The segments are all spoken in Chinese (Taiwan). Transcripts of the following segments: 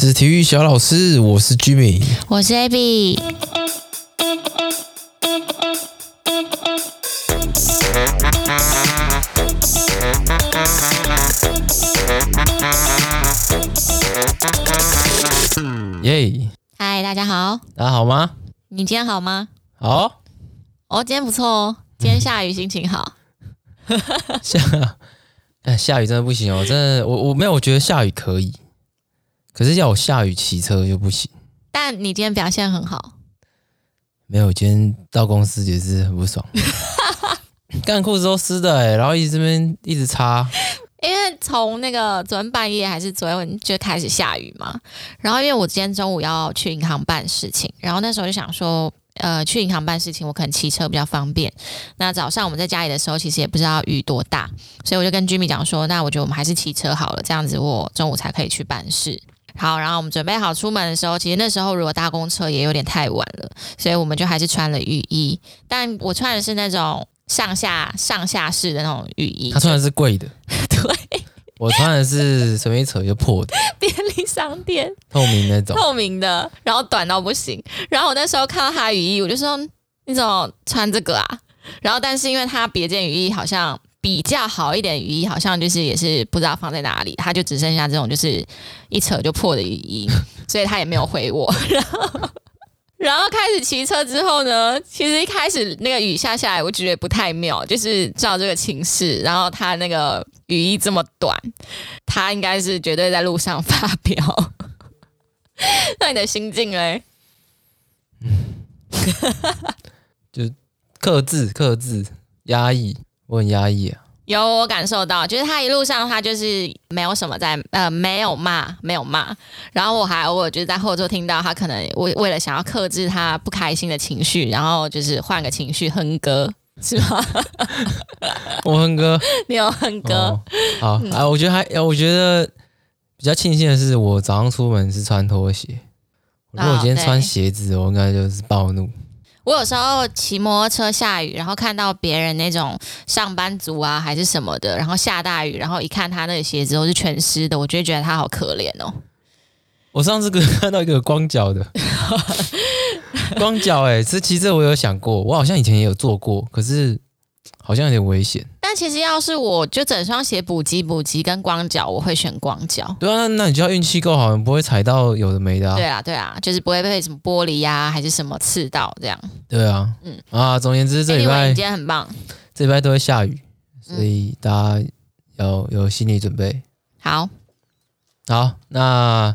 是體育小老師，我是 Jimmy，我是 Abby。耶！嗨，大家好，大家好嗎？你今天好嗎？好，哦，今天不錯哦。今天下雨，心情好。 下、哎、下雨真的不行哦！真的，我我沒有，我覺得下雨可以。可是要我下雨騎車又不行。但你今天表現很好？沒有，我今天到公司也是很不爽，乾褲 子都濕的，欸，然後一直這邊一直擦。因為從那個昨天半夜還是昨天就開始下雨嘛，然後因為我今天中午要去銀行辦事情，然後那時候就想說，呃，去銀行辦事情我可能騎車比較方便。那早上我們在家裡的時候其實也不知道雨多大，所以我就跟 Jimmy 講說，那我覺得我們還是騎車好了，這樣子我中午才可以去辦事。好，然後我們準備好出門的時候，其實那時候如果搭公車也有點太晚了，所以我們就還是穿了雨衣。但我穿的是那種上下上下式的那種雨衣。他穿的是貴的，對。我穿的是隨便扯就破的，的。便利商店。透明的那種。透明的，然後短到不行。然後我那時候看到他雨衣，我就說，你怎麼穿這個啊？然後但是因為他別件雨衣好像。比較好一點雨衣，好像就是也是不知道放在哪裡，他就只剩下這種就是一扯就破的雨衣，所以他也沒有回我，然後，然後開始騎車之後呢，其實一開始那個雨下下來，我覺得不太妙，就是照這個情勢，然後他那個雨衣這麼短，他應該是絕對在路上發飆。那你的心境嘞？嗯，就克制、克制、壓抑。我很壓抑啊，有，我感受到，就是他一路上他就是沒有什麼在，呃，沒有罵，沒有罵，然後我還偶爾就是在後座聽到他可能為為了想要克制他不開心的情緒，然後就是換個情緒哼歌。是嗎？ 我哼歌哥，你有哼歌、哦？好，嗯、啊，我覺得還，我覺得比較慶幸的是，我早上出門是穿拖鞋，如果我今天穿鞋子，我應該就是暴怒。我有時候騎摩托車下雨，然後看到別人那種上班族啊，還是什麼的，然後下大雨，然後一看他那個鞋子都是全濕的，我就覺得他好可憐哦。我上次看到一個光腳的， 光腳哎、欸，這其實我有想過，我好像以前也有做過，可是好像有點危險。那其實要是我就整雙鞋補給補給跟光腳，我會選光腳。對啊，那那你就要運氣夠好，你不會踩到有的沒的啊。對啊，對啊，就是不會被什麼玻璃呀、啊，還是什麼刺到這樣。對啊，嗯啊，總而言之，這禮拜、欸，你今天很棒。這禮拜都會下雨，所以大家要、嗯、有心理準備好。好，那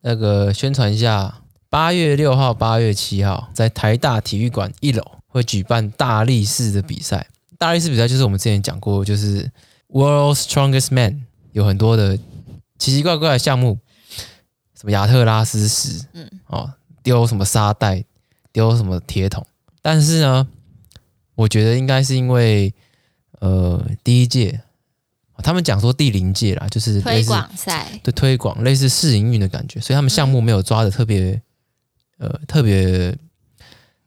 那個宣傳一下，八月六號、八月七號在台大體育館一樓會舉辦大力士的比賽。嗯大力士比賽就是我們之前講過，就是 World's Strongest Man 有很多的奇奇怪怪的項目，什麼亞特拉斯石，嗯，哦，丟什麼沙袋，丟什麼鐵桶。但是呢，我覺得應該是因為，呃，第一屆，他們講說第零屆啦，就是推廣賽，對推廣類似試營運的感覺，所以他們項目沒有抓得特別，嗯、呃，特別。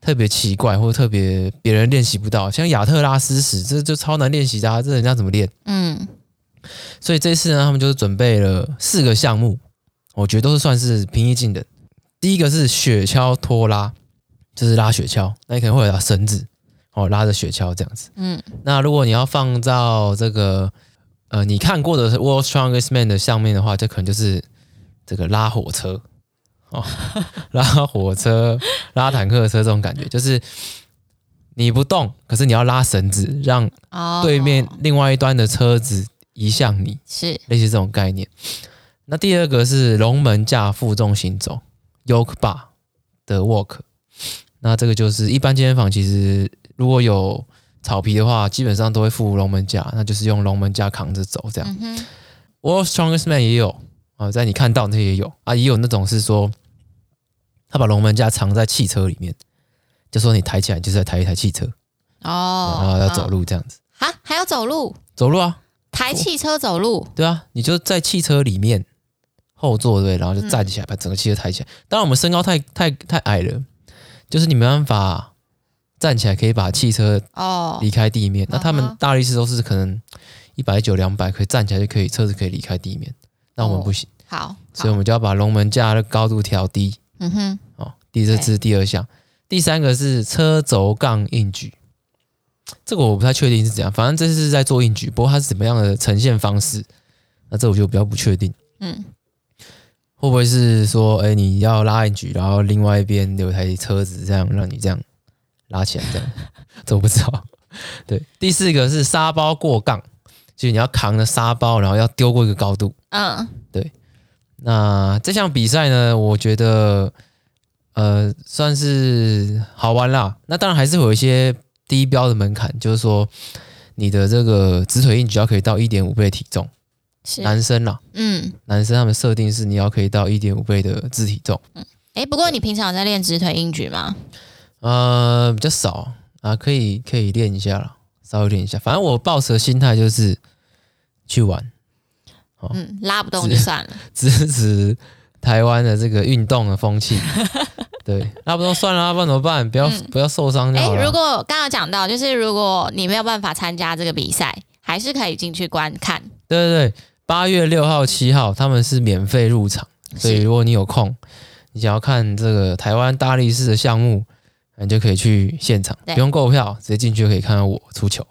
特別奇怪，或特別別人練習不到，像亞特拉斯石，這就超難練習的，啊，這人家怎麼練？嗯，所以這次呢，他們就是準備了四個項目，我覺得都是算是平易近人的。第一個是雪橇拖拉，就是拉雪橇，那你可能會有繩子哦，拉着雪橇這樣子。嗯，那如果你要放到這個呃你看過的《World Strongest Man》的相面的話，就可能就是這個拉火車。哦，拉火車、拉坦克的車這種感覺， 就是你不動，可是你要拉繩子，讓對面另外一端的車子移向你，是、oh, 類似這種概念。是那第二個是龍門架負重行走 （yoke bar 的 walk），那這個就是一般健身房其實如果有草皮的話，基本上都會附龍門架，那就是用龍門架扛着走這樣。Mm-hmm. World Strongest Man 也有。啊，在你看到那些也有啊，也有那種是說，他把龍門架藏在汽車裡面，就說你抬起來你就是在抬一台汽車哦，然後要走路這樣子、哦、啊，還要走路走路啊，抬汽車走路、哦，對啊，你就在汽車裡面後座對，然後就站起來、嗯、把整個汽車抬起來。當然我們身高太太太矮了，就是你沒辦法站起來可以把汽車哦離開地面。哦、那他們大力士都是可能一百九兩百，可以站起來就可以車子可以離開地面。那我們不行，哦、好，好，所以我們就要把龍門架的高度調低。嗯哼，哦，第，這是第二項，對第三個是車軸槓硬舉，這個我不太確定是怎樣，反正這次是在做硬舉，不過它是怎麼樣的呈現方式，那這我就比較不確定。嗯，會不會是說，哎、欸，你要拉硬舉，然後另外一邊有台車子這樣讓你這樣拉起來這樣，這我 不知道。對，第四個是沙包過槓。就是你要扛着沙包，然後要丟過一個高度。嗯、呃，對。那這項比賽呢，我覺得呃算是好玩啦。那當然還是會有一些低標的門檻，就是說你的這個直腿硬舉要可以到一點五倍的體重。是男生啦，嗯，男生他們設定是你要可以到一點五倍的自體重。嗯，哎、欸，不過你平常有在練直腿硬舉嗎？呃，比較少啊，啊可以可以練一下啦，稍微練一下。反正我抱持的心態就是。去玩，哦、嗯，拉不動就算了。支持台灣的這個運動的風氣。 對，拉不動算了，拉不動怎麼辦？不要、嗯、不要受傷就好。哎、欸，如果剛剛講到，就是如果你沒有辦法參加這個比賽，還是可以進去觀看。對對對，八月六號、七號他們是免費入場，所以如果你有空，是你想要看這個台灣大力士的項目，你就可以去現場，對不用購票，直接進去就可以看到我出球。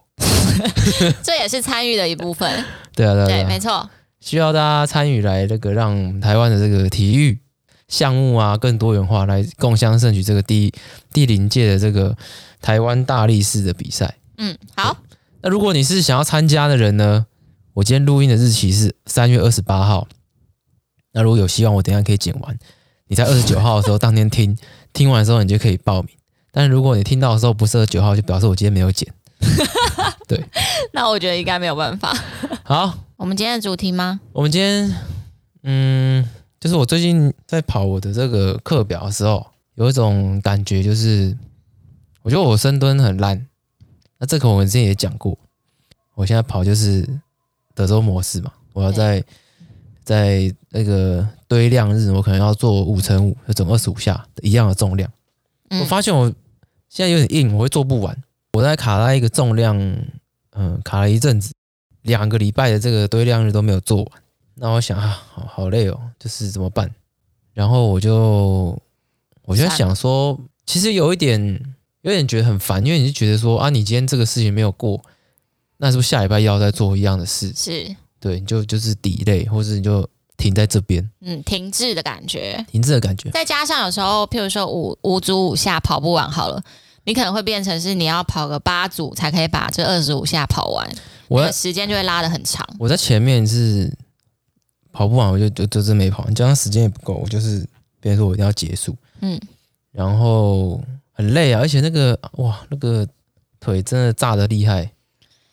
這也是參與的一部分， 對啊，對啊對，啊對，沒錯錯，需要大家參與來這個讓台灣的這個體育項目啊更多元化，來共襄盛舉這個第第零屆的這個台灣大力士的比賽。嗯，好。那如果你是想要參加的人呢，我今天錄音的日期是三月二十八號。那如果有希望，我等一下可以剪完，你在二十九號的時候當天聽 聽完的時候，你就可以報名。但如果你聽到的時候不是二十九號，就表示我今天沒有剪。 對， 那我覺得應該沒有辦法。 好，我們今天的主題嗎？我們今天，嗯，就是我最近在跑我的這個課表的時候，有一種感覺，就是我覺得我深蹲很爛。那這個我們之前也講過，我現在跑就是德州模式嘛，我要在對在那個堆量日，我可能要做五乘五，就整二十五下一樣的重量。嗯、我發現我現在有點硬，我會做不完，我在卡在一個重量。嗯，卡了一陣子，兩個禮拜的這個堆量日都沒有做完。那我想啊，好好累哦，就是怎麼辦？然後我就我就在想說，其實有一點有點覺得很煩，因為你就覺得說啊，你今天這個事情沒有過，那是不是下禮拜又要再做一樣的事？是，對，你就就是 delay，或者你就停在這邊，嗯，停滯的感覺，停滯的感覺。再加上有時候，譬如說五五組五下跑不完，好了。你可能會變成是你要跑個八組才可以把這二十五下跑完，我在的時間就會拉得很長。我在前面是跑不完，我就就就真沒跑，你加上時間也不夠，我就是別人說我一定要結束，嗯，然後很累啊，而且那個哇，那個腿真的炸得厲害，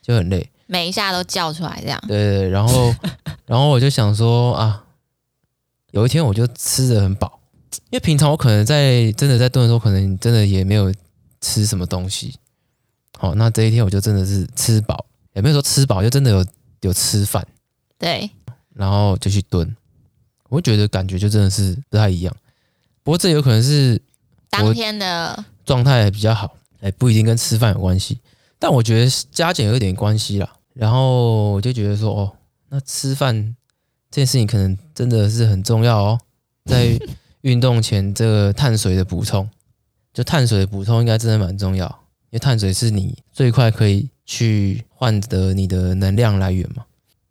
就很累，每一下都叫出來這樣。對對對，然後 然後我就想說啊，有一天我就吃得很飽，因為平常我可能在真的在蹲的時候，可能真的也沒有。吃什麼東西？哦，那這一天我就真的是吃飽，也沒有說吃飽，就真的有有吃飯。對，然後就去蹲，我覺得感覺就真的是不太一樣。不過這有可能是當天的狀態比較好，哎，不一定跟吃飯有關係，但我覺得加減有一點關係啦。然後我就覺得說，哦，那吃飯這件事情可能真的是很重要哦，在運動前這個碳水的補充。 就碳水的補充應該真的蠻重要，因為碳水是你最快可以去換得你的能量來源嘛。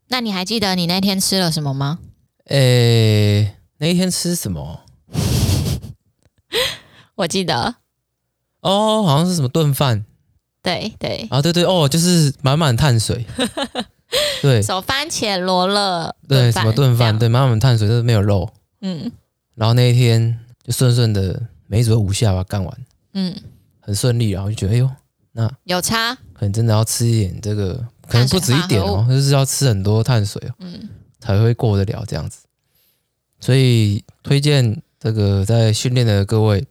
那你還記得你那天吃了什麼嗎？誒、欸，那一天吃什麼？ 我記得哦，好像是什麼燉飯。對對啊，對對，對哦，就是滿滿碳水。 對，手番茄羅勒。對，什麼燉飯？樣對，滿滿碳水，就是沒有肉。嗯。然後那一天就順順的。每組五下吧幹完，嗯，很順利，然後就覺得哎呦，那有差，可能真的要吃一點這個，可能不止一點哦、喔，就是要吃很多碳水哦、喔，嗯，才會過得了這樣子。所以推薦這個在訓練的各位，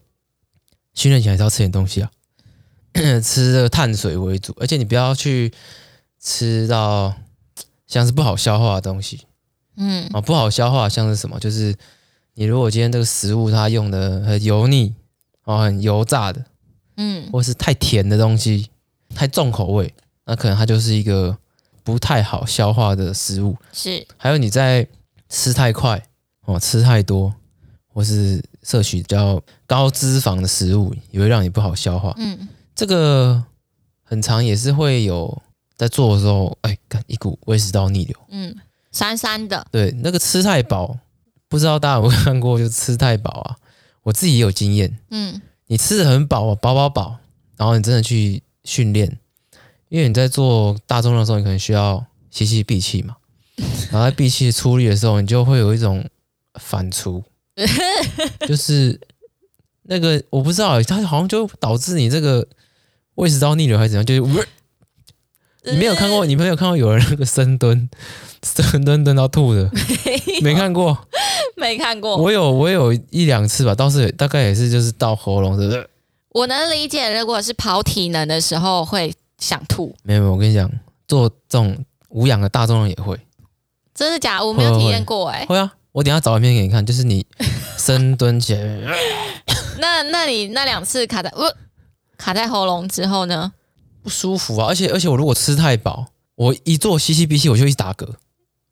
訓練前還是要吃點東西啊， 吃這個碳水為主，而且你不要去吃到像是不好消化的東西，嗯，啊，不好消化的像是什麼，就是。你如果今天這個食物它用的很油膩哦，很油炸的，嗯，或是太甜的東西，太重口味，那可能它就是一個不太好消化的食物。是，還有你在吃太快哦，吃太多，或是攝取比較高脂肪的食物，也會讓你不好消化。嗯，這個很常也是會有在做的時候，哎，一股胃食道逆流。嗯，酸酸的。對，那個吃太飽。嗯不知道大家有沒有看過就是吃太飽啊，我自己也有經驗。嗯，你吃的很飽啊，飽飽飽，然後你真的去訓練，因為你在做大重量的時候，你可能需要吸吸閉氣嘛，然後在閉氣出力的時候，你就會有一種反芻，就是那個我不知道，它好像就導致你這個胃食道逆流還是怎樣，就是你沒有看過，你沒有看過有人那個深蹲，深蹲蹲到吐的，沒，有沒看過。沒看過，我有我有一兩次吧，倒是大概也是就是到喉嚨，是不是？我能理解，如果是跑體能的時候會想吐。沒有沒有，我跟你講，做這種無氧的大重量也會。真的假？我沒有體驗過哎、欸啊。會啊，我等一下找一片給你看，就是你深蹲前面。 那那你那兩次卡在我、呃、卡在喉嚨之後呢？不舒服啊，而且而且我如果吃太飽，我一做吸氣憋氣我就一直打嗝。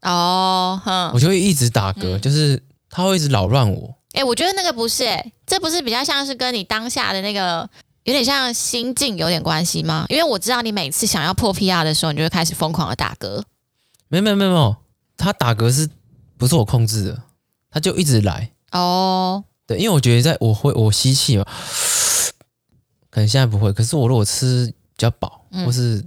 哦，哼，我就會一直打嗝，嗯、就是。他會一直擾亂我。哎、欸，我覺得那個不是、欸，哎，這不是比較像是跟你當下的那個有點像心境有點關係嗎？因為我知道你每次想要破 PR 的時候，你就會開始瘋狂的打嗝。沒有沒有沒，沒有，他打嗝是不是我控制的？他就一直來。哦，oh. 對，因為我覺得在我會我吸氣嘛，可能現在不會。可是我如果吃比較飽，嗯、或是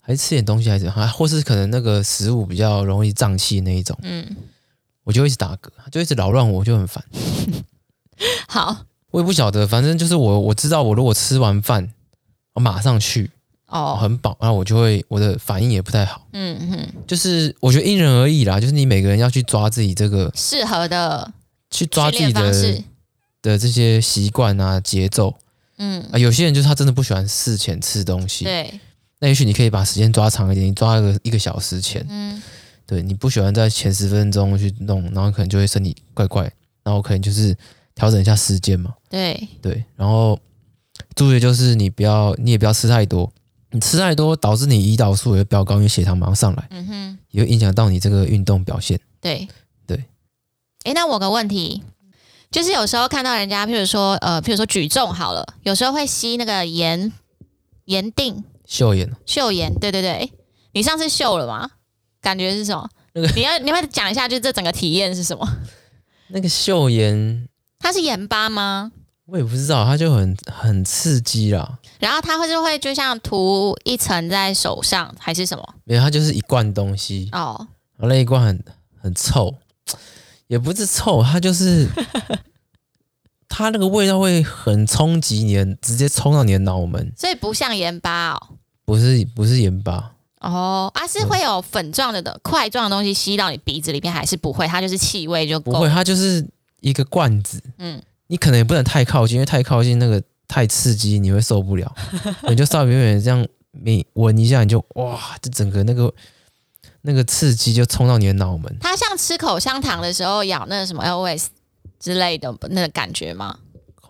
還是吃點東西，還是啊，或是可能那個食物比較容易脹氣那一種，嗯。我就一直打嗝，就一直擾亂我，就很煩。 好，我也不曉得，反正就是我，我知道，我如果吃完飯，我馬上去哦，很飽，那我就會我的反應也不太好。嗯嗯哼，就是我覺得因人而異啦，就是你每個人要去抓自己這個適合的，去抓自己的的這些習慣啊、節奏。嗯啊，有些人就是他真的不喜歡事前吃東西，對。那也許你可以把時間抓長一點，你抓個一個小時前，嗯。對，你不喜歡在前十分鐘去弄，然後可能就會身體怪怪，然後可能就是調整一下時間嘛。對對，然後注意就是你不要，你也不要吃太多，你吃太多導致你胰島素也比較高，因為血糖馬上上來，嗯哼，也會影響到你這個運動表現。對對，哎對，那我個問題就是有時候看到人家，譬如說呃，譬如說舉重好了，有時候會吸那個鹽鹽錠。嗅鹽眼，嗅鹽，對對對，你上次嗅了嗎？感覺是什麼？那個你要，你要講一下，就這整個體驗是什麼？ 那個嗅鹽，它是鹽巴嗎？我也不知道，它就很很刺激啦。然後它會就會就像塗一層在手上還是什麼？沒有，它就是一罐東西哦，那一罐很很臭，也不是臭，它就是 它那個味道會很衝擊你的，直接衝到你的腦門。所以不像鹽巴哦，不是不是鹽巴。哦啊，是會有粉狀的的塊狀的東西吸到你鼻子裡面，還是不會？它就是氣味就不會，它就是一個罐子。嗯，你可能也不能太靠近，因為太靠近那個太刺激，你會受不了。 你就稍微遠一點，這樣你聞一下，你就哇，這整個那個那個刺激就衝到你的腦門。它像吃口香糖的時候咬那個什麼 L O S 之類的那個感覺嗎？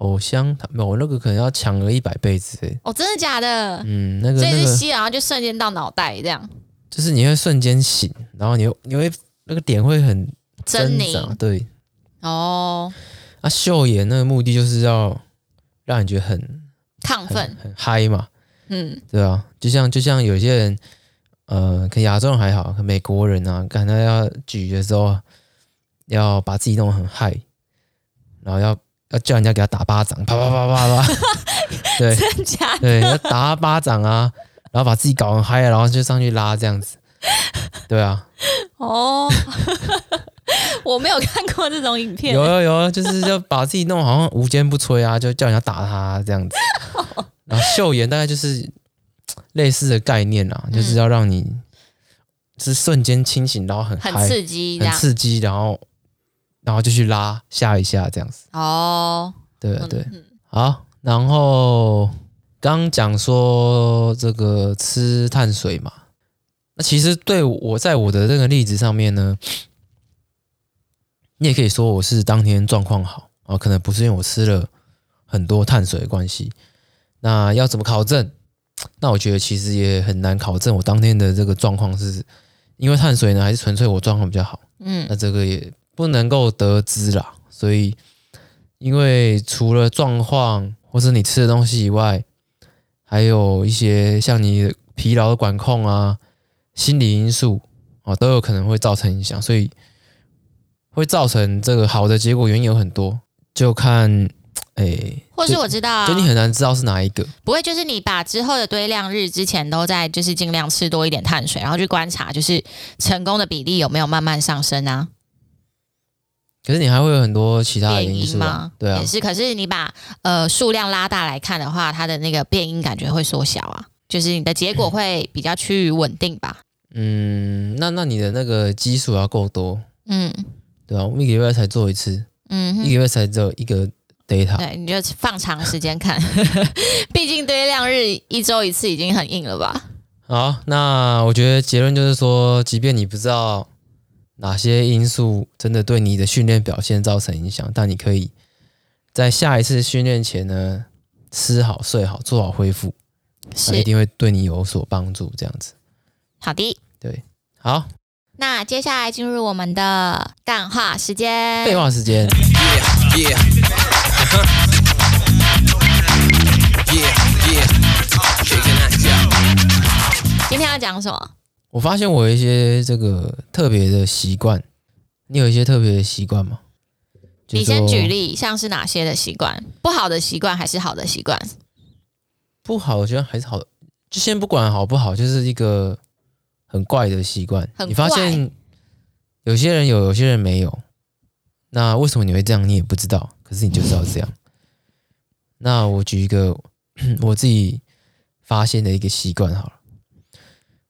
偶像，他們我那個可能要強了一百倍。哦，真的假的？嗯，那個。所以吸然後、那個、就瞬間到腦袋這樣，就是你會瞬間醒，然後你你會那個點會很猙獰。真你對，哦。啊，嗅鹽那個目的就是要讓人覺得很亢奮、很嗨嘛。嗯，對啊，就像就像有些人，呃，可能亞洲人還好，可能美國人啊，可能要舉的時候，要把自己弄得很嗨，然後要。要叫人家給他打巴掌，啪啪啪啪啪，啪，對，真的假的？對要打他巴掌啊，然後把自己搞很嗨，啊，然後就上去拉這樣子。對啊。哦，oh, 我沒有看過這種影片。欸有啊。有有、啊、有，就是就把自己弄好像無堅不摧啊，就叫人家打他這樣子。然後秀妍大概就是類似的概念啊，嗯、就是要讓你是瞬間清醒，然後很 high，很刺激，很刺激，然後。然後就去拉下一下這樣子。哦，oh, 對，對對，嗯嗯、好。然後剛講說這個吃碳水嘛，那其實對我在我的這個例子上面呢，你也可以說我是當天狀況好啊，可能不是因為我吃了很多碳水的關係。那要怎麼考證？那我覺得其實也很難考證我當天的這個狀況是因為碳水呢，還是純粹我狀況比較好？嗯，那這個也。不能夠得知啦，所以因為除了狀況或是你吃的東西以外，還有一些像你疲勞的管控啊、心理因素啊，都有可能會造成影響，所以會造成這個好的結果原因有很多，就看哎，欸、或是我知道、啊、就，就你很難知道是哪一個，不會就是你把之後的堆量日之前都在就是盡量吃多一點碳水，然後去觀察就是成功的比例有沒有慢慢上升啊。可是你還會有很多其他的因素、啊、嗎？對啊，也是。可是你把呃數量拉大來看的話，它的那個變音感覺會縮小啊，就是你的結果會比較趨於穩定吧？嗯，那那你的那個基數要夠多，嗯，對啊，我們一個月才做一次，嗯哼，一個月才做一個 data，對，你就放長時間看，畢 竟堆量日一週一次已經很硬了吧？好、啊，那我覺得結論就是說，即便你不知道。哪些因素真的對你的訓練表現造成影響？但你可以在下一次訓練前呢，吃好、睡好、做好恢復，是一定會對你有所幫助。這樣子，好的，對，好。那接下來進入我們的幹話時間，廢話時間。今天要講什麼？我發現我一些這個特別的習慣，你有一些特別的習慣嗎？就是、你先舉例，像是哪些的習慣？不好的習慣還是好的習慣？不好，我覺得還是好的。就先不管好不好，就是一個很怪的習慣。很怪。你發現有些人有，有些人沒有。那為什麼你會這樣？你也不知道，可是你就知道這樣。那我舉一個我自己發現的一個習慣好了。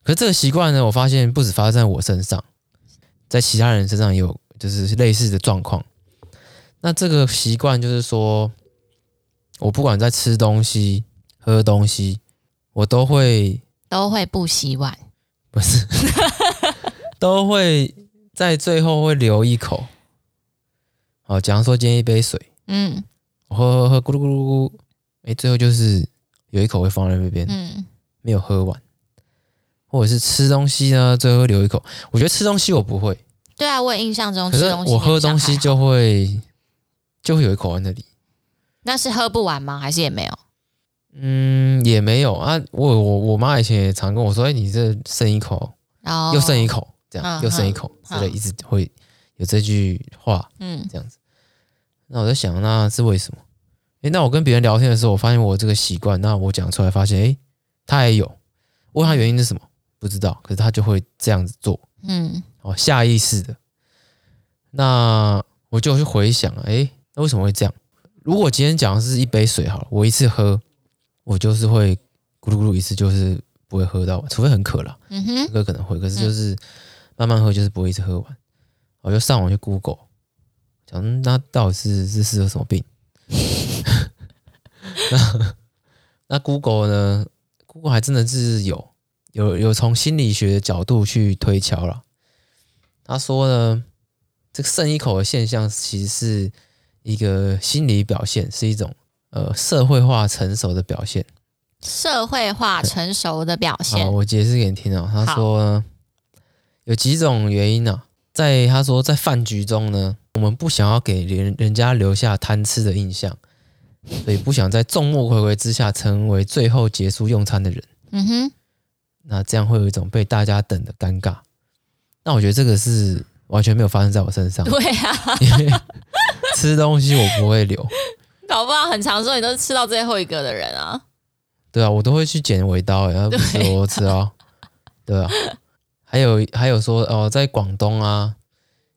可是這個習慣呢，我發現不止發生在我身上，在其他人身上也有，就是類似的狀況。那這個習慣就是說，我不管在吃東西、喝東西，我都會都會不洗碗，不是，都會在最後會留一口。好，假如說今天一杯水，嗯，我喝喝喝，咕嚕咕嚕咕，哎，最後就是有一口會放在那邊，嗯，沒有喝完。或者是吃東西呢，最後留一口。我覺得吃東西我不會。對啊，我印象中吃東西。可是我喝東西就會，就會有一口在那裡。那是喝不完嗎？還是也沒有？嗯，也沒有啊。我我我媽以前也常跟我說：“哎、欸，你這剩一口，然後、哦、又剩一口，這樣、嗯、又剩一口，這個一直會有這句話。”嗯，這樣子。那我在想，那是為什麼？誒、欸，那我跟別人聊天的時候，我發現我這個習慣。那我講出來，發現哎，他、欸、也有。問他原因是什麼？不知道，可是他就會這樣子做。嗯，哦，下意識的。那我就去回想，哎、欸，那為什麼會這樣？如果今天講的是一杯水，好了，我一次喝，我就是會咕嚕咕嚕一次，就是不會喝到，除非很渴了。嗯哼，哥可能會，可是就是慢慢喝，就是不會一次喝完。我就上網去 Google，講那到底是是是個什麼病？ 那那 Google 呢？Google 還真的是有。有有從心理學的角度去推敲了，他說呢，這個剩一口的現象其實是一個心理表現，是一種呃社會化成熟的表現。社會化成熟的表現，表現我解釋給你聽哦、喔。他說好有幾種原因呢、喔，在他說在飯局中呢，我們不想要給人人家留下貪吃的印象，所以不想在眾目睽睽之下成為最後結束用餐的人。嗯哼。那這樣會有一種被大家等的尷尬。那我覺得這個是完全沒有發生在我身上。對啊，因為 吃東西我不會留。搞不好很長時候你都是吃到最後一個的人啊。對啊，我都會去剪尾刀、欸，然後不吃，我都吃哦。對啊， 還有還有說哦、呃，在廣東啊，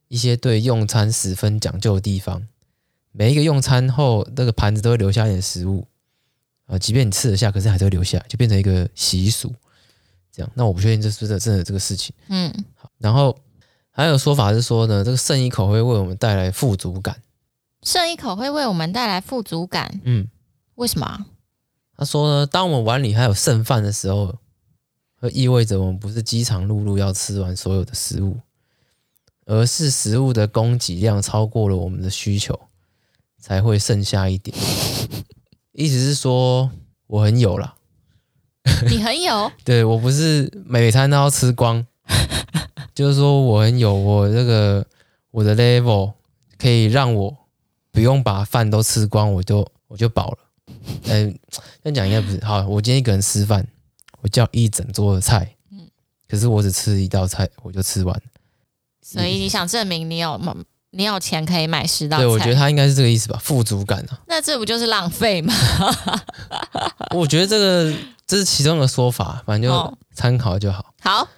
一些對用餐十分講究的地方，每一個用餐後那個盤子都會留下一點食物啊、呃，即便你吃得下，可是還是會留下來，就變成一個習俗。這樣，那我不確定這是不是真的這個事情。嗯，好，然後還有說法是說呢，這個剩一口會為我們帶來富足感。剩一口會為我們帶來富足感。嗯，為什麼啊？他說呢，當我們碗裡還有剩飯的時候，會意味着我們不是飢腸轆轆要吃完所有的食物，而是食物的供給量超過了我們的需求，才會剩下一點。 意思是說我很有啦。你很有， 對，我不是每、每餐都要吃光， 就是說我很有，我這個我的 level 可以讓我不用把飯都吃光，我就我就飽了。嗯，先講一下，不是，好。我今天一個人吃飯，我叫一整桌的菜，嗯，可是我只吃一道菜我就吃完。所以你想證明你有嗎？你有錢可以買十道菜？對，我覺得他應該是這個意思吧，富足感啊。那這不就是浪費嗎？ 我覺得這個。這是其中的說法，反正就參考就好。哦，好，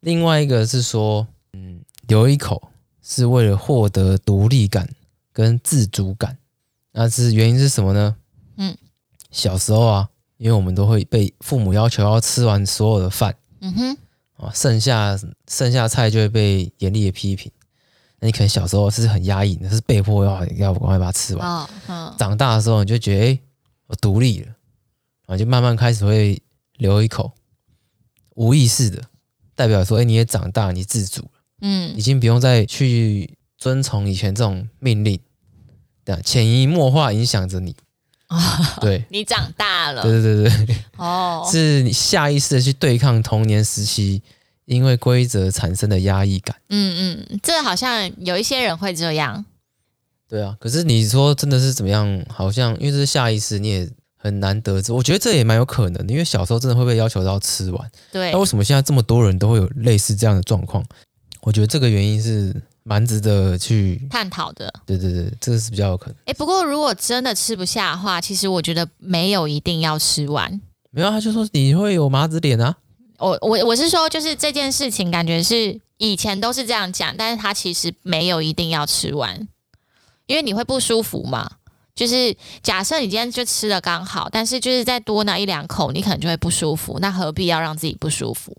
另外一個是說，嗯，留一口是為了獲得獨立感跟自主感，那是原因是什麼呢？嗯，小時候啊，因為我們都會被父母要求要吃完所有的飯，嗯哼，啊，剩下剩下菜就會被嚴厲的批評。那你可能小時候是很壓抑的，是被迫要要趕快把它吃完。哦，長大的時候你就覺得，誒，我獨立了。就慢慢開始會留一口，無意識的代表說：“哎、欸，你也長大，你自主了，嗯，已經不用再去遵從以前這種命令，對，潛移默化影響着你，哦、對，你長大了，對對對，哦，是你下意識的去對抗童年時期因為規則產生的壓抑感，嗯嗯，這好像有一些人會這樣，對啊，可是你說真的是怎麼樣？好像因為這是下意識，你也。很難得知，我覺得這也蠻有可能的，因為小時候真的會被要求到吃完。對，那為什麼現在這麼多人都會有類似這樣的狀況？我覺得這個原因是蠻值得去探討的。對對對，這個是比較有可能。誒、欸，不過如果真的吃不下的話，其實我覺得沒有一定要吃完。沒有、啊，他就說你會有麻子臉啊。哦、我我我是說，就是這件事情感覺是以前都是這樣講，但是他其實沒有一定要吃完，因為你會不舒服嘛。就是假設你今天就吃了剛好，但是就是再多拿一兩口，你可能就會不舒服。那何必要讓自己不舒服？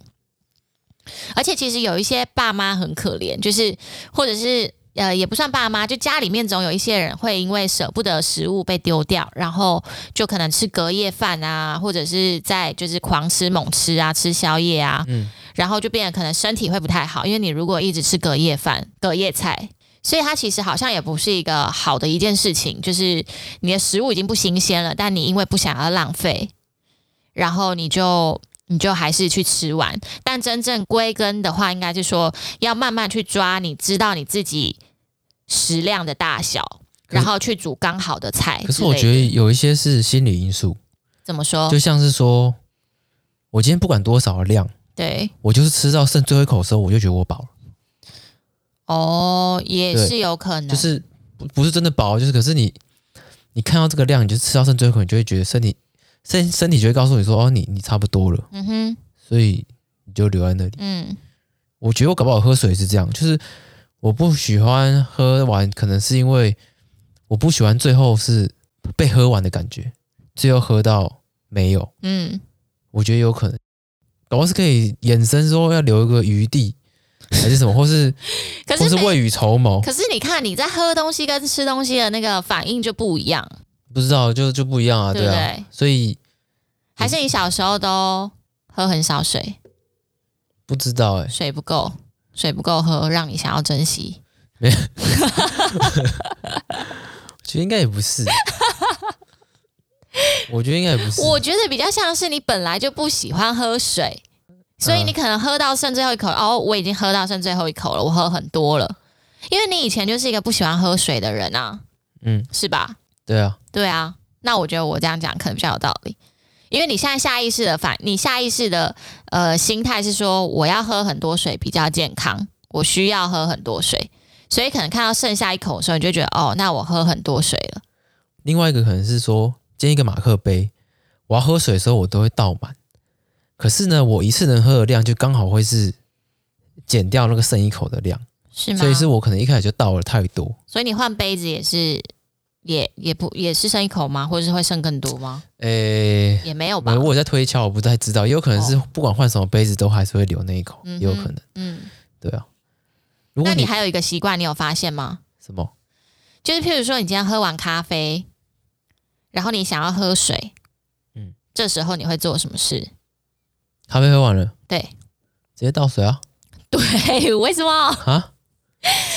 而且其實有一些爸媽很可憐，就是或者是呃也不算爸媽，就家裡面總有一些人會因為捨不得食物被丟掉，然後就可能吃隔夜飯啊，或者是在就是狂吃猛吃啊，吃宵夜啊，嗯、然後就變得可能身體會不太好。因為你如果一直吃隔夜飯、隔夜菜。所以它其實好像也不是一個好的一件事情，就是你的食物已經不新鮮了，但你因為不想要浪費，然後你就你就還是去吃完。但真正歸根的話，應該是說要慢慢去抓，你知道你自己食量的大小，是然後去煮剛好的菜之類的。可是我覺得有一些是心理因素，怎麼說？就像是說，我今天不管多少的量，對我就是吃到剩最後一口的時候，我就覺得我飽了。哦，也是有可能，就是不不，是真的飽，就是可是你你看到這個量，你就吃到剩最後你就會覺得身體身身體就會告訴你說，哦，你你差不多了，嗯哼，所以你就留在那裡。嗯，我覺得我搞不好喝水是這樣，就是我不喜歡喝完，可能是因為我不喜歡最後是被喝完的感覺，最後喝到沒有，嗯，我覺得有可能，搞不好是可以衍生說要留一個餘地。還是什麼，或是？可是未雨綢繆。可是你看，你在喝東西跟吃東西的那個反應就不一樣。不知道，就就不一樣啊，對，對，對啊。所以還是你小時候都喝很少水？不知道哎、欸，水不夠，水不夠喝，讓你想要珍惜。其實應該也不是。我覺得應該也不是。我覺得比較像是你本來就不喜歡喝水。所以你可能喝到剩最後一口，嗯、哦，我已經喝到剩最後一口了，我喝很多了，因為你以前就是一個不喜歡喝水的人啊，嗯，是吧？對啊，對啊。那我覺得我這樣講可能比較有道理，因為你現在下意識的反，你下意識的呃心態是說我要喝很多水比較健康，我需要喝很多水，所以可能看到剩下一口的時候，你就覺得哦，那我喝很多水了。另外一個可能是說，建一個馬克杯，我要喝水的時候我都會倒滿。可是呢，我一次能喝的量就剛好會是減掉那個剩一口的量，是嗎？所以是我可能一開始就倒了太多。所以你換杯子也是，也也不也是剩一口嗎？或者是會剩更多嗎？誒、欸，也沒有吧。如果我在推敲，我不太知道，也有可能是不管換什麼杯子都還是會留那一口，也、哦、有可能。嗯，嗯，對啊。你那你還有一個習慣，你有發現嗎？什麼？就是譬如說，你今天喝完咖啡，然後你想要喝水，嗯，這時候你會做什麼事？咖啡喝完了，對，直接倒水啊。對，為什麼啊？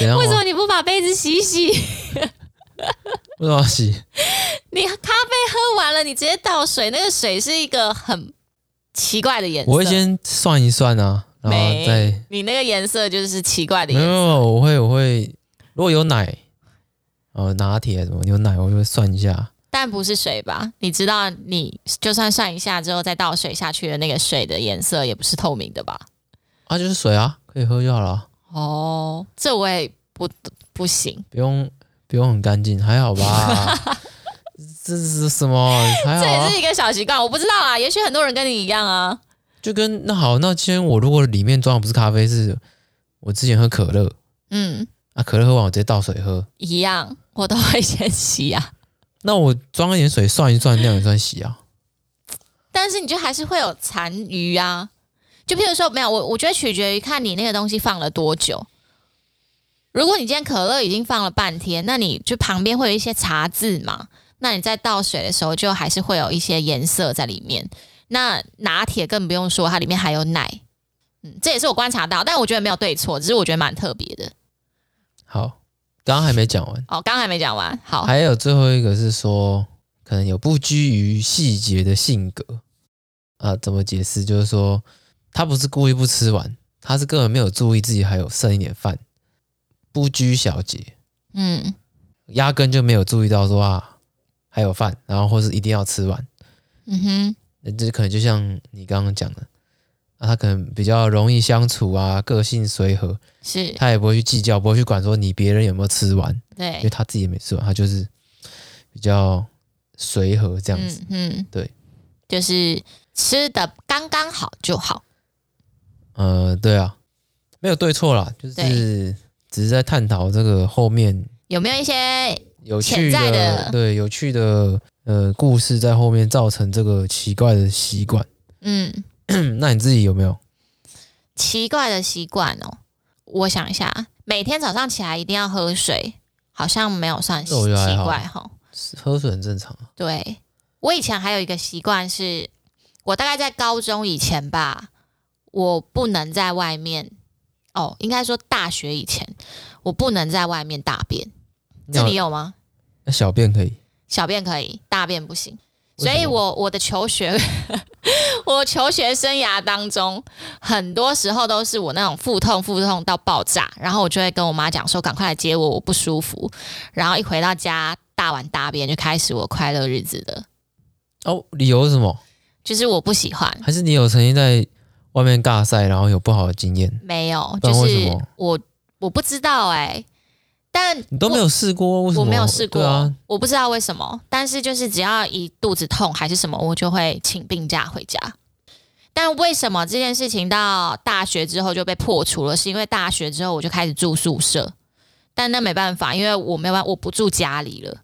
為什麼你不把杯子洗洗？ 為什麼要洗？你咖啡喝完了，你直接倒水，那個水是一個很奇怪的顏色。我會先算一算啊，然後再你那個顏色就是奇怪的顏色。沒有沒有，我會我會如果有奶，呃，拿鐵什麼有奶，我就會算一下。但不是水吧？你知道，你就算涮一下之後再倒水下去的那個水的顏色也不是透明的吧？啊，就是水啊，可以喝就好了。哦，這我也不不行。不用，不用很乾淨，還好吧？ 這是什麼？這也是一個小習慣，我不知道啊。也許很多人跟你一樣啊。就跟那好，那今天我如果裡面裝的不是咖啡是，是我之前喝可樂。嗯。啊，可樂喝完我直接倒水喝一樣，我都會先洗啊。那我裝點水算一算，涮一涮，晾一晾，洗啊。但是，你就還是會有殘餘啊。就譬如說，沒有我，我覺得取決於看你那個東西放了多久。如果你今天可樂已經放了半天，那你就旁邊會有一些茶漬嘛。那你在倒水的時候，就還是會有一些顏色在裡面。那拿鐵更不用說，它裡面還有奶，嗯，這也是我觀察到。但我覺得沒有對錯，只是我覺得蠻特別的。好。剛剛還沒講完哦，剛還沒講完。好，還有最後一個是說，可能有不拘於細節的性格啊？怎麼解釋？就是說，他不是故意不吃完，他是根本沒有注意自己還有剩一點飯，不拘小節，嗯，壓根就沒有注意到說啊還有飯，然後或是一定要吃完，嗯哼，那這可能就像你剛剛講的。他可能比較容易相處啊，個性隨和，是他也不會去計較，不會去管說你別人有沒有吃完，對，因為他自己也沒吃完，他就是比較隨和這樣子，嗯哼，對，就是吃的剛剛好就好，嗯、呃，對啊，沒有對錯啦，就是對只是在探討這個後面有，有沒有一些有趣的，對，有趣的呃故事在後面造成這個奇怪的習慣，嗯。 那你自己有沒有奇怪的習慣哦？我想一下，每天早上起來一定要喝水，好像沒有算奇怪哈、哦。喝水很正常。對，我以前還有一個習慣是，我大概在高中以前吧，我不能在外面哦，應該說大學以前，我不能在外面大便。你要這裡有嗎？那小便可以，小便可以，大便不行。所以我我的求學 我求學生涯當中，很多時候都是我那種腹痛、腹痛到爆炸，然後我就會跟我媽講說：“趕快來接我，我不舒服。”然後一回到家，大碗大便就開始我快樂日子的。哦，理由是什麼？就是我不喜歡。還是你有曾經在外面尬賽，然後有不好的經驗？沒有，為就是我我不知道哎、欸。但你都沒有試過，為什麼？我沒有試過啊。我不知道為什麼。但是就是只要一肚子痛還是什麼，我就會請病假回家。但為什麼這件事情到大學之後就被破除了？是因為大學之後我就開始住宿舍，但那沒辦法，因為我沒有辦法，我不住家裡了。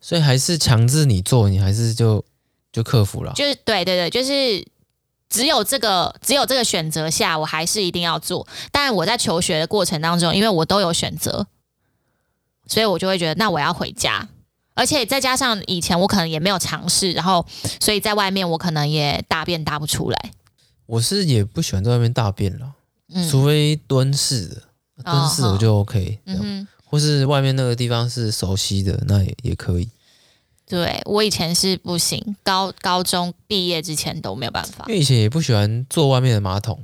所以還是強制你做，你還是就就克服了啊。就是對對對，就是只有這個只有這個選擇下，我還是一定要做。但我在求學的過程當中，因為我都有選擇。所以我就會覺得，那我要回家，而且再加上以前我可能也沒有嘗試，然後，所以在外面我可能也大便大不出來。我是也不喜歡在外面大便了，嗯、除非蹲式的，蹲式我就 OK、哦。這樣。嗯，嗯，或是外面那個地方是熟悉的，那也也可以。對，我以前是不行，高高中畢業之前都沒有辦法。因為以前也不喜歡坐外面的馬桶，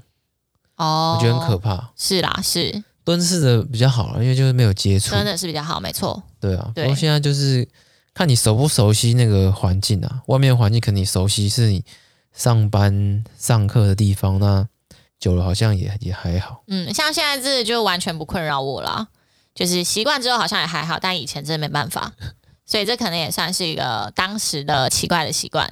哦，我覺得很可怕。是啦，是。蹲式的比較好，因為就是沒有接觸，真的是比較好，沒錯。對啊，對。然後現在就是看你熟不熟悉那個環境啊。外面環境可能你熟悉，是你上班上課的地方，那久了好像也也還好。嗯，像現在這就完全不困擾我了，就是習慣之後好像也還好，但以前真的沒辦法， 所以這可能也算是一個當時的奇怪的習慣。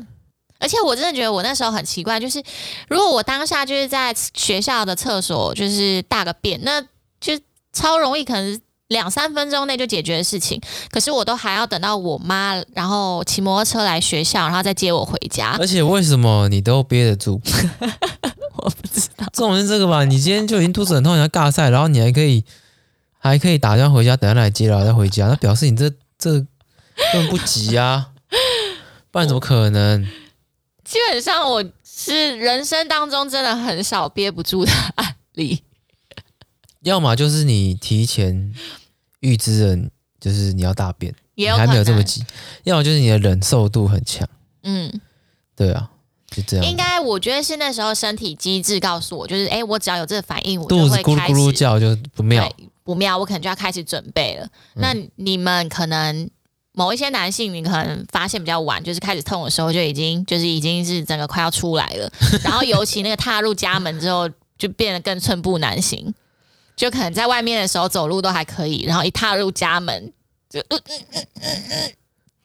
而且我真的覺得我那時候很奇怪，就是如果我當下就是在學校的廁所就是大個便，那就超容易，可能兩三分鐘內就解決的事情，可是我都還要等到我媽，然後騎摩托車來學校，然後再接我回家。而且為什麼你都憋得住？ 我不知道，重點是這個吧？你今天就已經肚子很痛，你要尬賽，然後你還可以，還可以打電話回家，等他來接了再回家，那表示你這這根本不急啊， 不然怎麼可能？基本上我是人生當中真的很少憋不住的案例。要麼就是你提前預知人，就是你要大便，還沒有這麼急；要麼就是你的忍受度很強。嗯，對啊，就這樣。應該我覺得是那時候身體機制告訴我，就是誒、欸，我只要有這個反應，我就肚子咕嚕咕嚕叫就不妙，不妙，我可能就要開始準備了。嗯、那你們可能某一些男性，你可能發現比較晚，就是開始痛的時候就已經就是已經是整個快要出來了， 然後尤其那個踏入家門之後，就變得更寸步難行。就可能在外面的時候走路都還可以，然後一踏入家門就……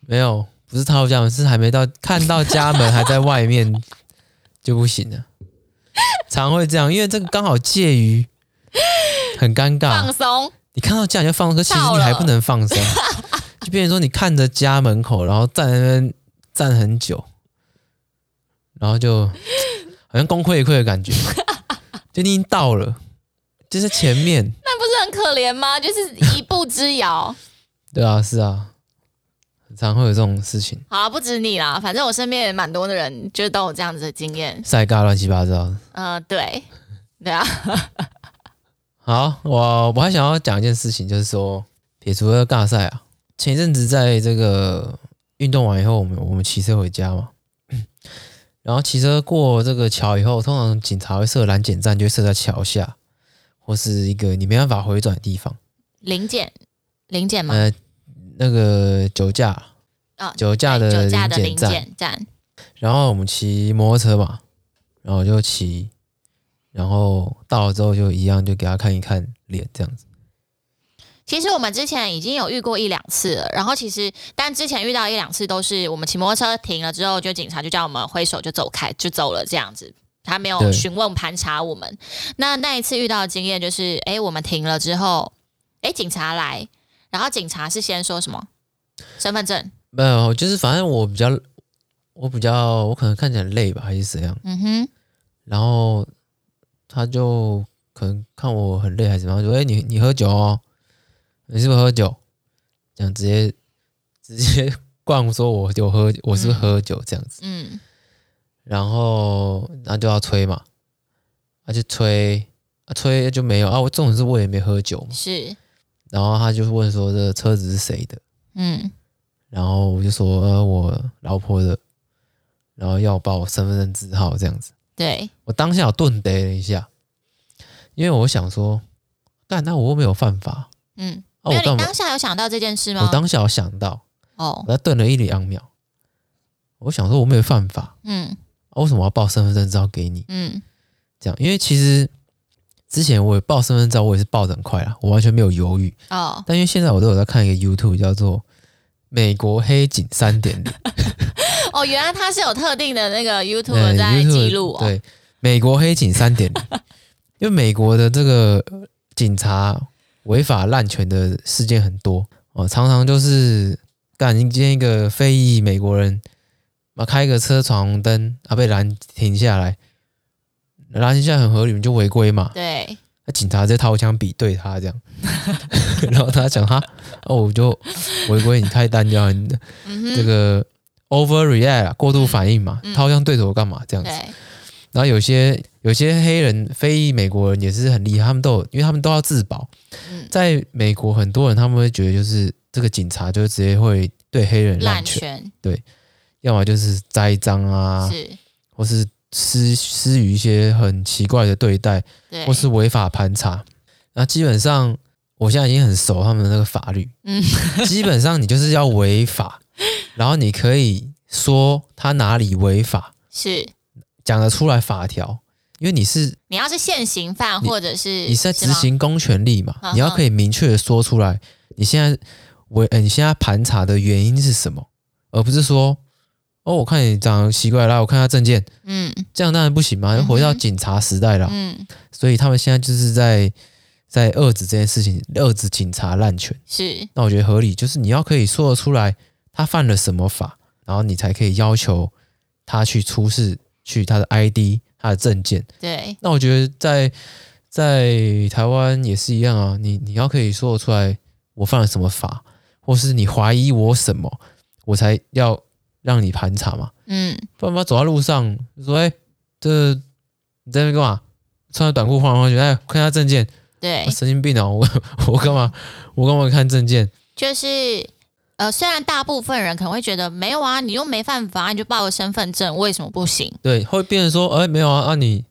沒有，不是踏入家門，是還沒到，看到家門還在外面 就不行了。常會這樣，因為這個剛好介於很尷尬，放鬆。你看到家你就放鬆，其實你還不能放鬆，了就變成說你看着家門口，然後站在那邊站很久，然後就好像功虧一簣的感覺，就已經到了。 就是前面， 那不是很可憐嗎？就是一步之遙。 對啊，是啊，常會有這種事情。好、啊，不止你啦，反正我身邊也蠻多的人，就是都有這樣子的經驗。賽噶亂七八糟的。啊、呃，對，對啊。 好，我我還想要講一件事情，就是說撇除了尬賽啊，前一陣子在這個運動完以後，我們我們騎車回家嘛，然後騎車過這個橋以後，通常警察會設攔檢站，就會設在橋下。或是一個你沒辦法回轉的地方，臨檢，臨檢嗎？呃，那個酒駕，啊、哦，酒駕的臨檢站，酒駕的臨檢站，然後我們騎摩托車吧，然後就騎，然後到了之後就一樣，就給他看一看臉這樣子。其實我們之前已經有遇過一兩次了，然後其實但之前遇到一兩次都是我們騎摩托車停了之後，就警察就叫我們揮手就走開就走了這樣子。他沒有詢問盤查我們。對那那一次遇到的經驗就是，哎、欸，我們停了之後，哎、欸，警察來，然後警察是先說什麼？身份證？沒有，就是反正我比較，我比較，我可能看起來累吧，還是怎樣？嗯哼。然後他就可能看我很累還是怎麼，說：“哎、欸，你你喝酒哦？你是不是喝酒？這樣直接直接灌說，我就喝，我是不是喝酒這樣子。嗯”嗯。然後，那、啊、就要催嘛，他、啊、就催，啊，催就沒有啊。我重點是我也沒喝酒嘛，是。然後他就問說：“這車子是誰的？”嗯。然後我就說：“呃，我老婆的。”然後要報我身份證字號這樣子。對。我當下我頓呆了一下，因為我想說，但那我又沒有犯法。嗯。那你當下有想到這件事嗎？我當下有想到。哦。我頓了一兩秒，哦、我想說我沒有犯法。嗯。我、哦、為什麼要報身份證照給你？嗯，這樣，因為其實之前我也報身份證照，我也是報得很快啦，我完全沒有猶豫。哦。但因為現在我都有在看一個 YouTube，叫做《美國黑警三點零》 哦，原來他是有特定的那個 you 在、嗯、YouTube 在記錄。對，哦、美國黑警三點零， 因為美國的這個警察違法濫權的事件很多哦，常常就是感今接一個非裔美國人。啊，開個車闖紅燈，啊，被攔停下來，攔停下來很合理，你就違規嘛。對，那警察在掏槍比對他這樣， 然後他講他哦，我就違規，你太單調，你這個 overreact 過度反應嘛，掏槍對着我幹嘛、嗯、這樣子？對然後有些有些黑人、非裔美國人也是很厲害，他們都有，因為他們都要自保。嗯、在美國很多人他們會覺得，就是這個警察就直接會對黑人濫權，濫權對。要麼就是栽贓啊，是，或是施施予一些很奇怪的對待，對，或是違法盤查。那基本上，我現在已經很熟他們的那個法律。嗯，基本上你就是要違法， 然後你可以說他哪裡違法，是講得出來法條，因為你是你要是現行犯或者是你，你是在執行公權力嘛，嗎你要可以明確的說出來，嗯、你現在違、呃、你現在盤查的原因是什麼，而不是說。哦，我看你長得奇怪啦！我看他證件，嗯，這樣當然不行嘛，要回到警察時代了。嗯，所以他們現在就是在在遏制這件事情，遏制警察濫權。是，那我覺得合理，就是你要可以說得出來他犯了什麼法，然後你才可以要求他去出示去他的 ID、他的證件。對，那我覺得在在台灣也是一樣啊，你你要可以說得出來我犯了什麼法，或是你懷疑我什麼，我才要。讓你盤查嘛？嗯，不然他走在路上說：“哎、欸，這你在那幹嘛？穿着短褲晃來晃去，哎、欸，看一下證件。對”對、啊，神經病啊、喔！我我幹嘛？我幹嘛看證件？就是呃，雖然大部分人可能會覺得沒有啊，你又沒犯法，你就報個身份證，為什麼不行？對，會變成說：“哎、欸，沒有啊，那、啊、你。”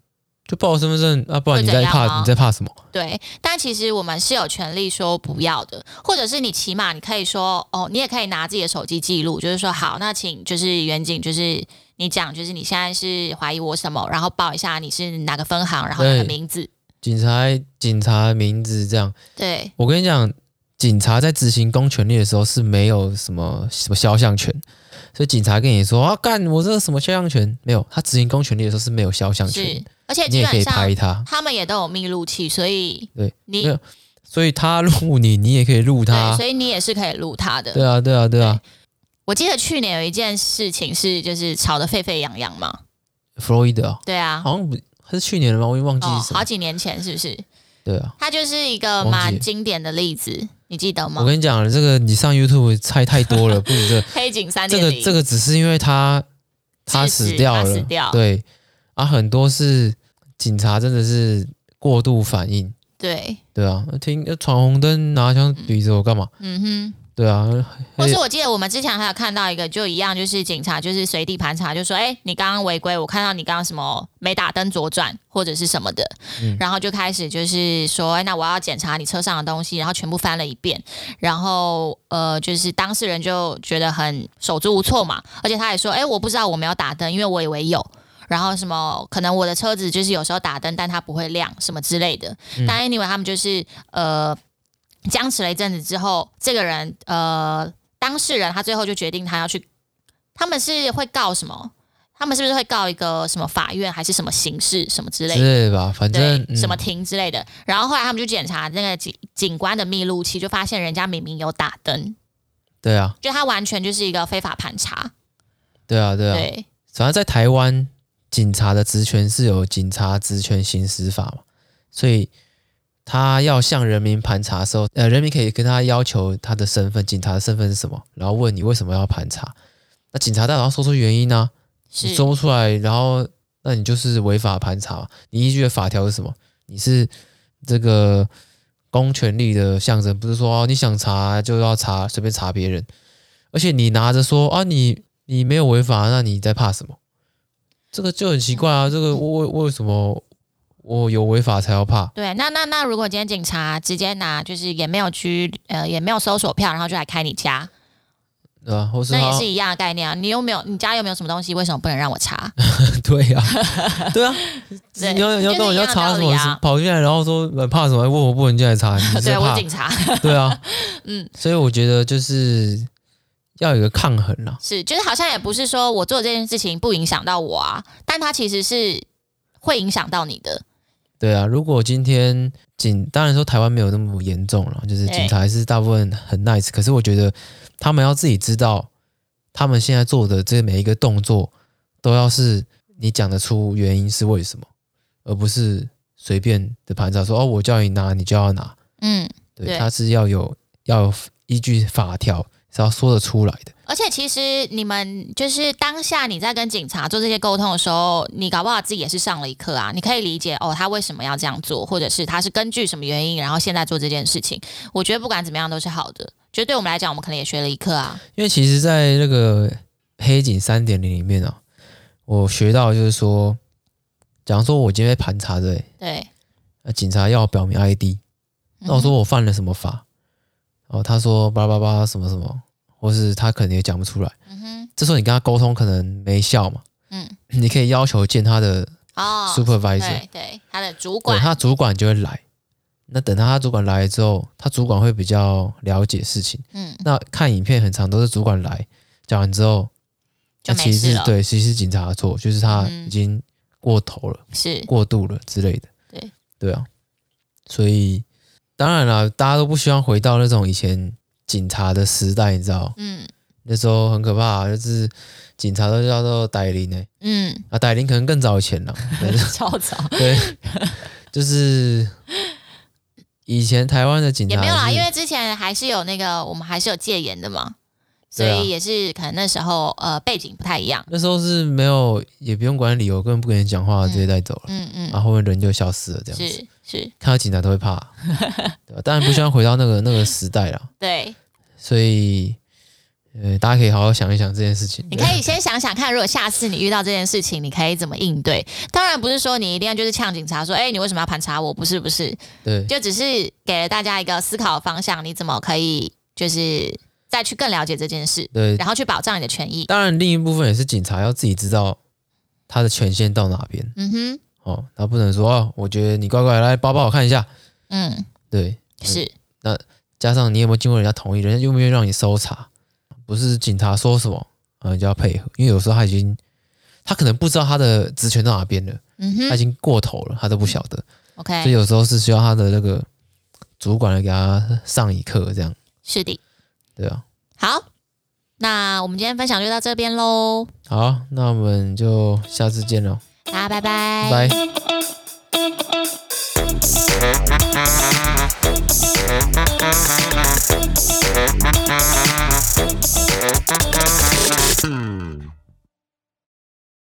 報身份證啊？不然你在怕，你在怕什麼？對，但其實我們是有權利說不要的，或者是你起碼，你可以說哦，你也可以拿自己的手機記錄，就是說好，那請就是遠景，就是你講，就是你現在是懷疑我什麼，然後報一下你是哪個分行，然後哪個名字，警察警察名字這樣。對，我跟你講，警察在執行公權力的時候是沒有什麼什麼肖像權。所以警察跟你說啊，幹我這個什麼肖像權沒有？他執行公權力的時候是沒有肖像權，而且你也可以拍他，他們也都有密錄器，所以對，你沒有所以他錄你，你也可以錄他，所以你也是可以錄他的。對啊，對啊，對啊對！我記得去年有一件事情是，就是吵得沸沸揚揚嘛，弗洛伊德啊，對啊，好像不是去年的嗎？我已經忘記、哦、好幾年前是不是？對啊，他就是一個蠻經典的例子。你記得嗎？我跟你講這個你上 YouTube 菜太多了，不止這這個、 黑警3.0、這個、這個只是因為他他死掉了，掉了對啊，很多是警察真的是過度反應，對對啊，聽闖紅燈拿槍對著我幹嘛？嗯,嗯哼。對啊，或是我記得我們之前還有看到一個，就一樣，就是警察就是隨地盤查，就說，哎，你剛剛違規，我看到你剛剛什麼沒打燈左轉或者是什麼的，嗯、然後就開始就是說，哎，那我要檢查你車上的東西，然後全部翻了一遍，然後呃，就是當事人就覺得很手足無措嘛，而且他也說，哎，我不知道我沒有打燈，因為我以為有，然後什麼可能我的車子就是有時候打燈，但它不會亮什麼之類的，但因為他們就是呃。僵持了一陣子之後，這個人呃，當事人他最後就決定他要去，他們是會告什麼？他們是不是會告一個什麼法院，還是什麼刑事什麼之類的？對吧？反正對、嗯、什麼庭之類的。然後後來他們就檢查那個警警官的密錄器，就發現人家明明有打燈。對啊。就他完全就是一個非法盤查。對啊，對啊。對。反正，在台灣，警察的職權是有《警察職權行使法》嘛，所以。他要向人民盤查的時候，呃，人民可以跟他要求他的身份，警察的身份是什麼？然後問你為什麼要盤查？那警察當然要說出原因啊，你說不出來，然後那你就是違法盤查嘛。你依據的法條是什麼？你是這個公權力的象徵，不是說、啊、你想查就要查，隨便查別人。而且你拿着說啊，你你沒有違法，那你在怕什麼？這個就很奇怪啊，這個為為什麼？我有違法才要怕。對，那那那，那如果今天警察直接拿，就是也沒有拘，呃，也沒有搜索票，然後就來開你家，對啊、呃，或是那也是一樣的概念啊。你又沒有，你家又沒有什麼東西，為什麼不能讓我查？ 對呀、啊，對啊，你要要到我要查什麼？啊、跑進來，然後說怕什麼？問、欸、我不能進來查？你對，我警察。對啊，嗯、 啊，所以我覺得就是要有一個抗衡了、啊 嗯。是，就是好像也不是說我做這件事情不影響到我啊，但他其實是會影響到你的。對啊，如果今天警當然說台灣沒有那麼嚴重了，就是警察還是大部分很 nice、欸。可是我覺得他們要自己知道，他們現在做的這每一個動作都要是你講得出原因是為什麼，而不是隨便的盤查說哦，我叫你拿你就要拿。嗯，對，對他是要有要依據法條是要說得出來的。而且其實你們就是當下你在跟警察做這些溝通的時候，你搞不好自己也是上了一課啊。你可以理解哦，他為什麼要這樣做，或者是他是根據什麼原因，然後現在做這件事情。我覺得不管怎麼樣都是好的，覺得對我們來講，我們可能也學了一課啊。因為其實，在那個《黑警三點零》裡面哦、啊，我學到就是說，假如說我今天被盤查，對，對，那警察要表明 ID，那我說我犯了什麼法，嗯、哦，他說八八八什麼什麼。或是他可能也講不出來，嗯哼，這時候你跟他溝通可能沒效嘛，嗯，你可以要求見他的 supervisor，哦對，對他的主管，他主管就會來。那等他，他主管來了之後，他主管會比較了解事情，嗯，那看影片很長，都是主管來講完之後，他就其實是對，其實是警察的錯，就是他已經過頭了，嗯、是過度了之類的，對對啊，所以當然了，大家都不希望回到那種以前。警察的時代，你知道？嗯，那時候很可怕，啊，就是警察都叫做歹靈呢。嗯，啊，歹靈可能更早以前了， 超早。對，就是以前台灣的警察也沒有啦，是因為之前還是有那個，我們還是有戒嚴的嘛。所以也是可能那時候呃背景不太一樣、啊，那時候是沒有也不用管理由，我根本不跟你講話，嗯、直接帶走了，嗯嗯，嗯然後後面人就消失了，這樣子是是看到警察都會怕， 對吧、啊？當然不希望回到那個 那個時代了，對，所以呃大家可以好好想一想這件事情，你可以先想想看， 如果下次你遇到這件事情，你可以怎麼應對？當然不是說你一定要就是嗆警察說，哎、欸，你為什麼要盤查我？不是不是，對，就只是給了大家一個思考方向，你怎麼可以就是。再去更了解這件事，對，然後去保障你的權益。當然，另一部分也是警察要自己知道他的權限到哪邊。嗯哼，哦，他不能說，哦，我覺得你乖乖來包包，我看一下。嗯，對，是。嗯，那加上你有沒有經過人家同意？人家願不願意讓你搜查？不是警察說什麼，啊，你就要配合，因為有時候他已經，他可能不知道他的職權到哪邊了。嗯哼，他已經過頭了，他都不曉得。OK。嗯，所以有時候是需要他的那個主管來給他上一課，這樣。是的。對啊，好，那我們今天分享就到這邊嘍。好，那我們就下次見嘍。啊，拜拜拜，拜，拜。